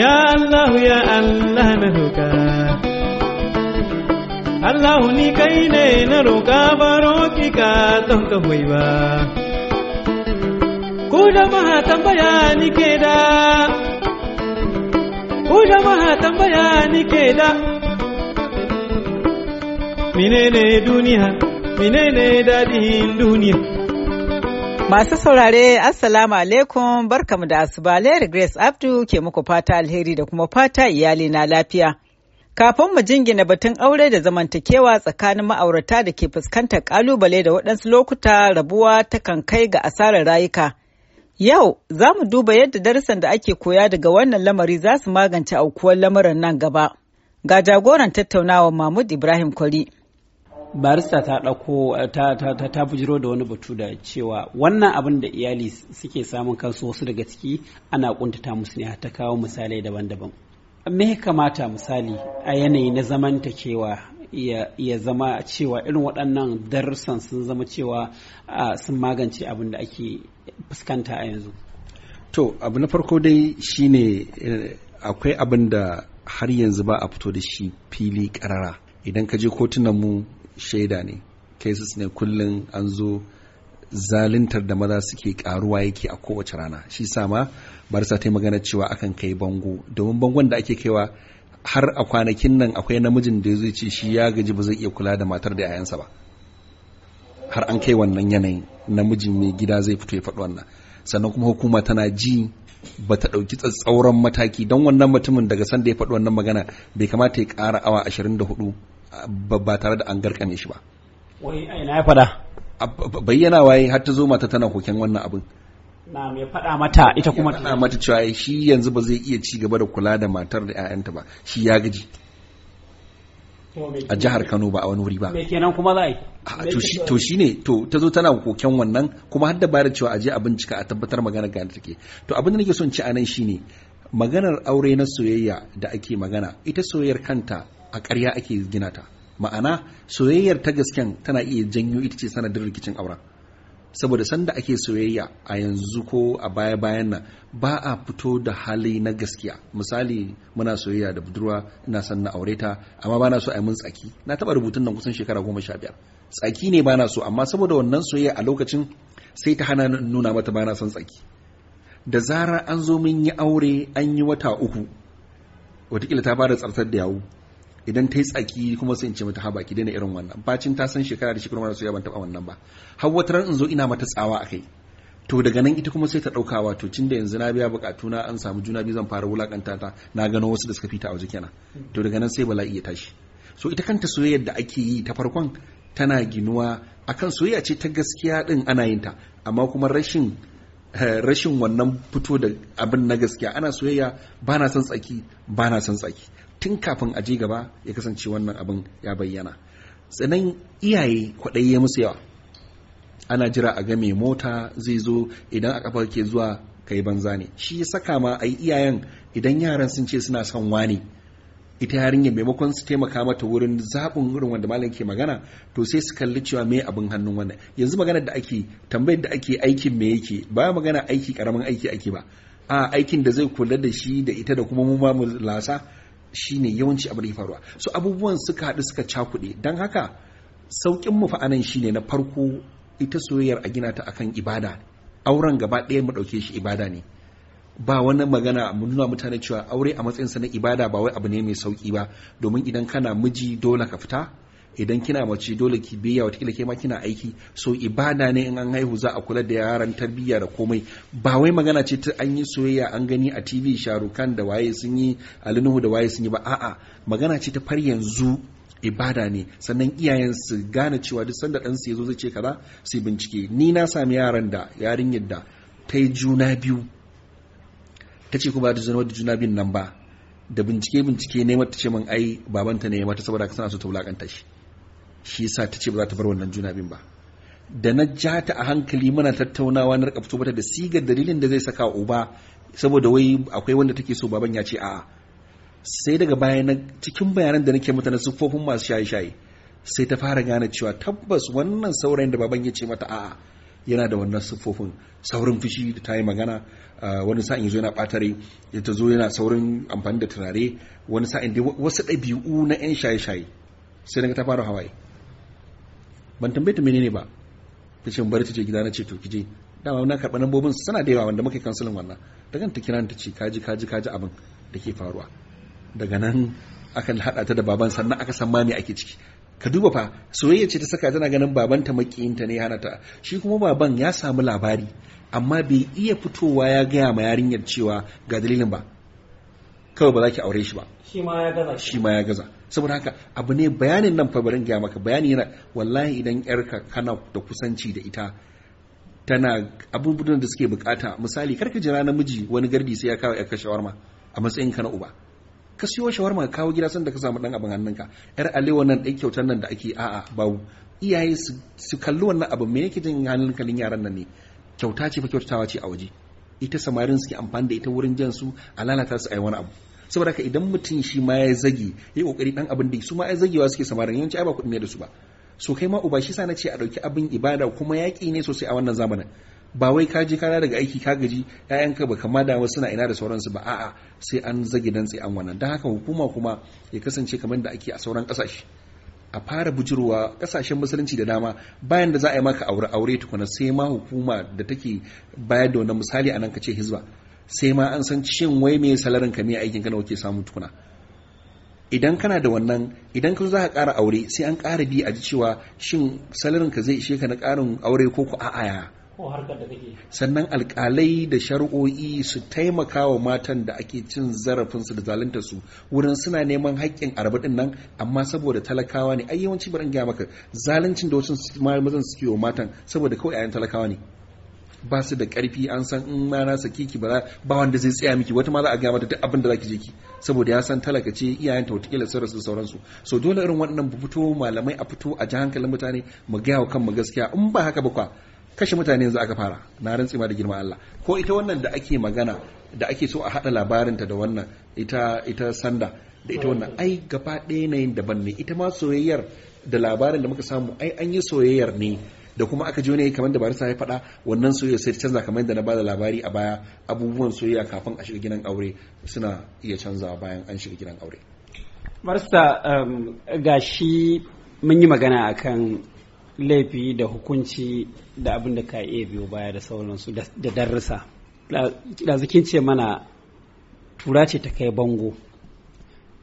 Ya Allah ya Allah na roƙa Allah ni kai ne na roƙa baro ki ka don ka hoyi ba Ku jama'a tambaya ni ke tambaya ni duniya duniya Masu saurare Assalamu alaikum barkamu da asuba Larry Grace Abdu ke muku fata alheri da kuma fata iyali na lafiya. Kafin mu jingina batun aure da zamantakewa tsakanin ma'aurata da ke fuskantar kalubale da waɗansu lokuta rabuwa ta kan kai ga asarar rayuka. Yau za mu duba yadda darusan da ake koya daga wannan lamari za su magance aukuwar lamarin nan gaba. Ga jagoran tattaunawa Mahmud Ibrahim Kwari. barista ta ɗauko ta, ta, bujiro da wani batu da cewa wannan abin da iyali suke samun kansu wasu daga ciki ana kuntata musu ne ta kawo misalai daban-daban me kamata misali a yanayi na cewa ya zama cewa irin waɗannan darussan sun zama cewa sun magance abin da ake fuskanta a yanzu to abu na farko dai shine eh, akwai abin da har yanzu ba a fito da shi fili karara idan ka je kotunan mu shaida ne cases ne kullum an zo zalintar da maza suke karuwa yake a kowace rana shi sama barsa ta magana cewa akan kai bango domin bangon da ake kaiwa har a kwanakin nan akwai namijin da zai ce shi ya gaji ba zai iya kula da matar da 'ya'yansa ba har an kai wannan yanayin namijin mai gida zai fito ya faɗi wannan sannan kuma hukuma tana ji ba ta ɗauki tsatsauran mataki don wannan mutumin daga sanda ya faɗi wannan magana bai kamata ya ƙara awa 24 ba tare da an garkame shi ba wai ina ya fada bayyana waye har ta zo mata tana koken wannan abin na me faɗa mata ita kuma faɗa mata cewa shi yanzu ba zai iya ci gaba da kula da matar da 'ya'yanta ba shi ya gaji a jihar Kano ba a wani wuri ba me kenan kuma za a yi to shi ne to ta zo tana koken wannan kuma har da da cewa a je a bincika a tabbatar magana ga da take to abin da nake son ci anan shine maganar aure na soyayya da ake magana ita soyayyar kanta a ƙarya ake gina ta ma'ana soyayyar ta gasken tana iya janyo ita ce sanadin rikicin auren saboda sanda ake soyayya a yanzu ko a baya bayan nan ba a fito da hali na gaskiya misali muna soyayya da budurwa ina son na aure ta amma bana so a yi mun tsaki na taba rubutun nan kusan shekara goma sha biyar tsaki ne bana so amma saboda wannan soyayya a lokacin sai ta hana nuna mata bana son tsaki da zarar an zo mun yi aure an yi wata uku watakila ta fara tsartar da yawu idan ta yi tsaki kuma sai in ce mata haba ki daina irin wannan bacin ta san shekara da shekaru mara soyayya ban taba wannan ba har wata in zo ina mata tsawa a kai. to daga nan ita kuma sai ta dauka wato tun da yanzu na biya bukatu na an samu juna biyu zan fara wulakanta ta na gano wasu da suka fita a waje kenan to daga nan sai bala'i ya tashi so ita kanta soyayya da ake yi ta farkon tana ginuwa akan soyayya ce ta gaskiya din ana yin ta amma kuma rashin eh, rashin wannan fito da abin na gaskiya ana soyayya ba na son tsaki ba na son tsaki tun kafin a je gaba ya kasance wannan abin ya bayyana tsanan iyaye kwaɗayi ya musu yawa ana jira a ga mai mota zai zo idan a kafa ke zuwa kai banza ne shi ya saka ma a iyayen idan yaran sun ce suna son wani ita yarinyar maimakon su taimaka mata wurin zaɓin irin wanda malam ke magana to sai su kalli cewa me abin hannun wannan yanzu maganar da ake tambayar da ake aikin me yake ba magana aiki karamin aiki ake ba a aikin da zai kula da shi da ita da kuma mu ma mu lasa Shi ne yawanci abin da ya faruwa so abubuwan suka haɗu suka cakuɗe don haka saukin mu fa'anan ne na farko ita soyayyar a gina ta akan ibada auren gaba ɗaya mu ɗauke shi ibada ne ba wani magana mu nuna mutane cewa aure a matsayinsa na ibada ba wai abu ne mai sauki ba domin idan kana miji dole ka fita idan kina mace dole ki biya watakila ke ma kina aiki so ibada ne in an haihu za a kula da yaran tarbiyya da komai ba wai magana ce ta an yi soyayya an gani a tv sharukan da waye sun yi alinuhu da waye sun yi ba a'a magana ce ta far yanzu ibada ne sannan iyayen su gane cewa duk sanda ɗansu ya zo zai ce kaza su bincike ni na sami yaran da yarinyar da ta yi juna biyu ta ce ku ba da juna biyun nan ba da bincike bincike ne mata ce min ai babanta ne mata saboda ka sana so ta wulakanta shi shi yasa ta ce ba za ta bar wannan juna bin ba da na ja ta a hankali muna tattaunawa na rika fito mata da sigar dalilin da zai saka uba saboda wai akwai wanda take so baban ya ce a'a sai daga baya na cikin bayanan da nake mata na siffofin masu shaye-shaye sai ta fara gane cewa tabbas wannan saurayin da baban ya ce mata a'a yana da wannan siffofin saurin fushi da ta yi magana wani sa'in zo yana ɓatare ya ta zo yana saurin amfani da turare wani sa'in dai wasu ɗabi'u na 'yan shaye-shaye sai daga ta fara hawaye ban tambaye ta menene ba ta ce bari ta je gida na ce to kije dama na karɓa lambobin suna da yawa wanda muka yi kansulin wannan ta ganta ta kira ta ce kaji kaji kaji abin da ke faruwa daga nan aka haɗa ta da baban sannan aka san ma ake ciki ka duba fa soyayya ce ta saka tana ganin baban babanta makiyinta ne hana ta shi kuma baban ya samu labari amma bai iya fitowa ya gaya ma yarinyar cewa ga dalilin ba kawai ba za ki aure shi ba shi ma ya gaza saboda haka abu ne bayanin nan fa barin maka bayani yana wallahi idan yarka kana da kusanci da ita tana abubuwan da suke bukata misali karka jira namiji wani gardi sai ya kawo yarka shawarma a matsayin ka na uba ka siyo shawarma ka kawo gida sanda ka samu dan abin hannunka yar alewa nan dai kyautar nan da ake a babu iyaye su kalli wannan abu me yake jin hannun kalin yaran nan ne kyauta ce fa kyautatawa ce a waje ita samarin suke amfani da ita wurin jan su a lalata su a yi wani abu saboda haka idan mutum shi ma ya zage ya kokari dan abin da su ma ya zagewa suke samarin yawanci ai ba kuɗi ne da su ba so kai ma uba shi sa na ce a dauki abin ibada kuma yaƙi ne sosai a wannan zamanin ba wai ka je kana daga aiki ka gaji ƴaƴanka ba kama da wasu na ina da sauransu ba a'a sai an zage dan dantse an wannan dan haka hukuma kuma ya kasance kamar da ake a sauran ƙasashe a fara bujurwa kasashen musulunci da dama bayan da za a yi maka aure aure tukuna sai ma hukuma da take bayar da wani misali a nan ka ce hizba sai ma an san cin wai me salarin ka me aikin ka nawa ke samu tukuna idan kana da wannan idan ka za ka ƙara aure sai an ƙara bi a ji cewa shin salarin ka zai ishe ka na ƙarin aure ko ku a'aya sannan alƙalai da shari'o'i su taimaka wa matan da ake cin zarafinsu da zalunta su wurin suna neman haƙƙin arba'in nan amma saboda talakawa ne ayyawanci yawanci bari gaya maka zaluncin da wasu mazan suke wa matan saboda kawai 'ya'yan talakawa ne ba su da karfi an san in ma na saki ki ba ba wanda zai tsaya miki wata ma za a ga mata duk abin da ki je ki saboda ya san talaka ce iyayen ta wata sun rasu sauransu so dole irin waɗannan bu fito malamai a fito a ji hankalin mutane mu gaya wa kanmu gaskiya in ba haka ba kwa kashe mutane yanzu aka fara na rantsi ma da girma Allah ko ita wannan da ake magana da ake so a hada labarinta da wannan ita ita sanda da ita wannan ai gaba ɗaya yanayin daban ne ita ma soyayyar da labarin da muka samu ai an yi soyayyar ne da kuma aka ji wani kamar da barista ya faɗa wannan soyayya sai ta canza kamar da na bada labari a baya abubuwan soyayya kafin a shiga gidan aure suna iya canzawa bayan an shiga gidan aure barista um, ga shi mun yi magana akan laifi da hukunci da abin da ka iya biyo baya da sauransu da darussa da zikin ce mana tura ce ta kai bango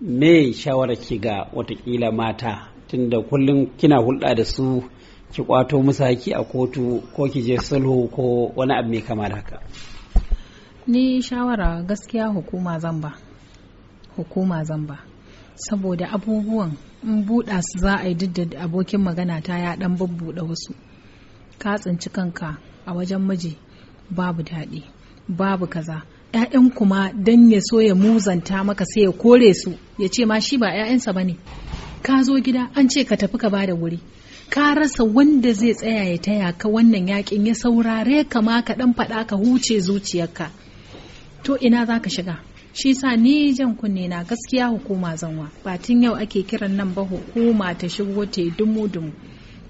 me shawara ke ga watakila mata tunda kullum kina hulɗa da su ki kwato musu haki a kotu ko ki je sulhu ko wani abu mai kama da haka ni shawara gaskiya hukuma zan ba hukuma zan saboda abubuwan in buɗa su za a yi duk da abokin magana ta ya ɗan bubbuɗe wasu ka tsinci kanka a wajen miji babu daɗi babu kaza ‘ya'yan kuma dan ya so ya muzanta maka sai ya kore su ya ce ma shi ba ‘ya'yansa ba ne ka zo gida an ce ka tafi ka ba da wuri ka rasa wanda zai tsaya ya taya ka wannan yakin ya saurare ka ma ka dan faɗa ka huce zuciyarka to ina za ka shiga shi sa ni jan kunne na gaskiya hukuma zanwa ba tun yau ake kiran nan ba hukuma ta shigo ta dumu dumu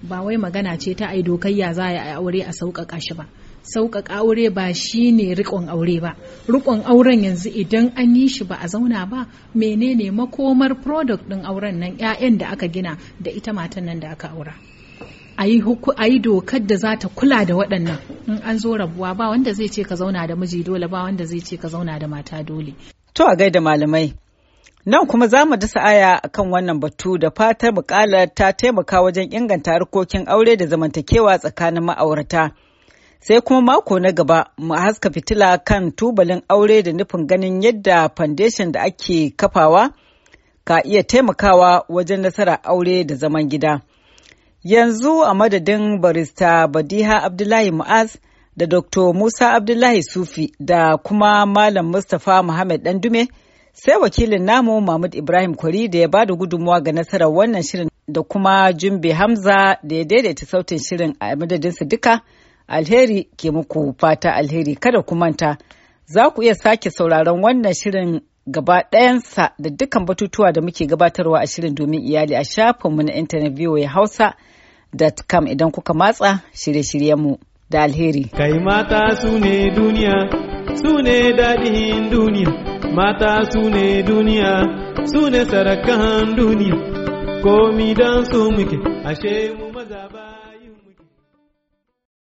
ba wai magana ce ta ai dokayya za a yi aure a sauƙaƙa shi ba sauƙaƙa aure ba shi ne riƙon aure ba riƙon auren yanzu idan an yi shi ba a zauna ba menene makomar product ɗin auren nan 'ya'yan da aka gina da ita matan nan da aka aura a yi dokar da za ta kula da waɗannan in an zo rabuwa ba wanda zai ce ka zauna da miji dole ba wanda zai ce ka zauna da mata dole to a gaida malamai Nan kuma za mu dasa aya a kan wannan batu da fatar mukalar ta taimaka wajen inganta harkokin aure da zamantakewa tsakanin ma'aurata. sai kuma mako na gaba mu haska fitila kan tubalin aure da nufin ganin yadda foundation da ake kafawa ka iya taimakawa wajen nasara aure da zaman gida. Yanzu a madadin barista Badiha Abdullahi Mu'az da Dr. Musa Abdullahi Sufi da kuma Malam Mustapha Muhammad Dandume sai wakilin namu Mahmud Ibrahim Kwari da ya bada gudunmuwa ga nasarar wannan shirin da kuma Jumbe Hamza da ya daidaita sautin shirin a madadinsa duka. Alheri ke muku fata alheri kada ku manta. Za ku iya sake sauraron wannan shirin gaba ɗayansa da dukkan batutuwa da muke gabatarwa a shirin domin iyali a shafinmu na intanet ya hausa.com idan kuka matsa shirye-shiryenmu da alheri. Kai mata su ne duniya, su ne daɗin duniya, mata su ne duniya, su ne sarakan duniya, komi don su muke, ashe mu maza ba.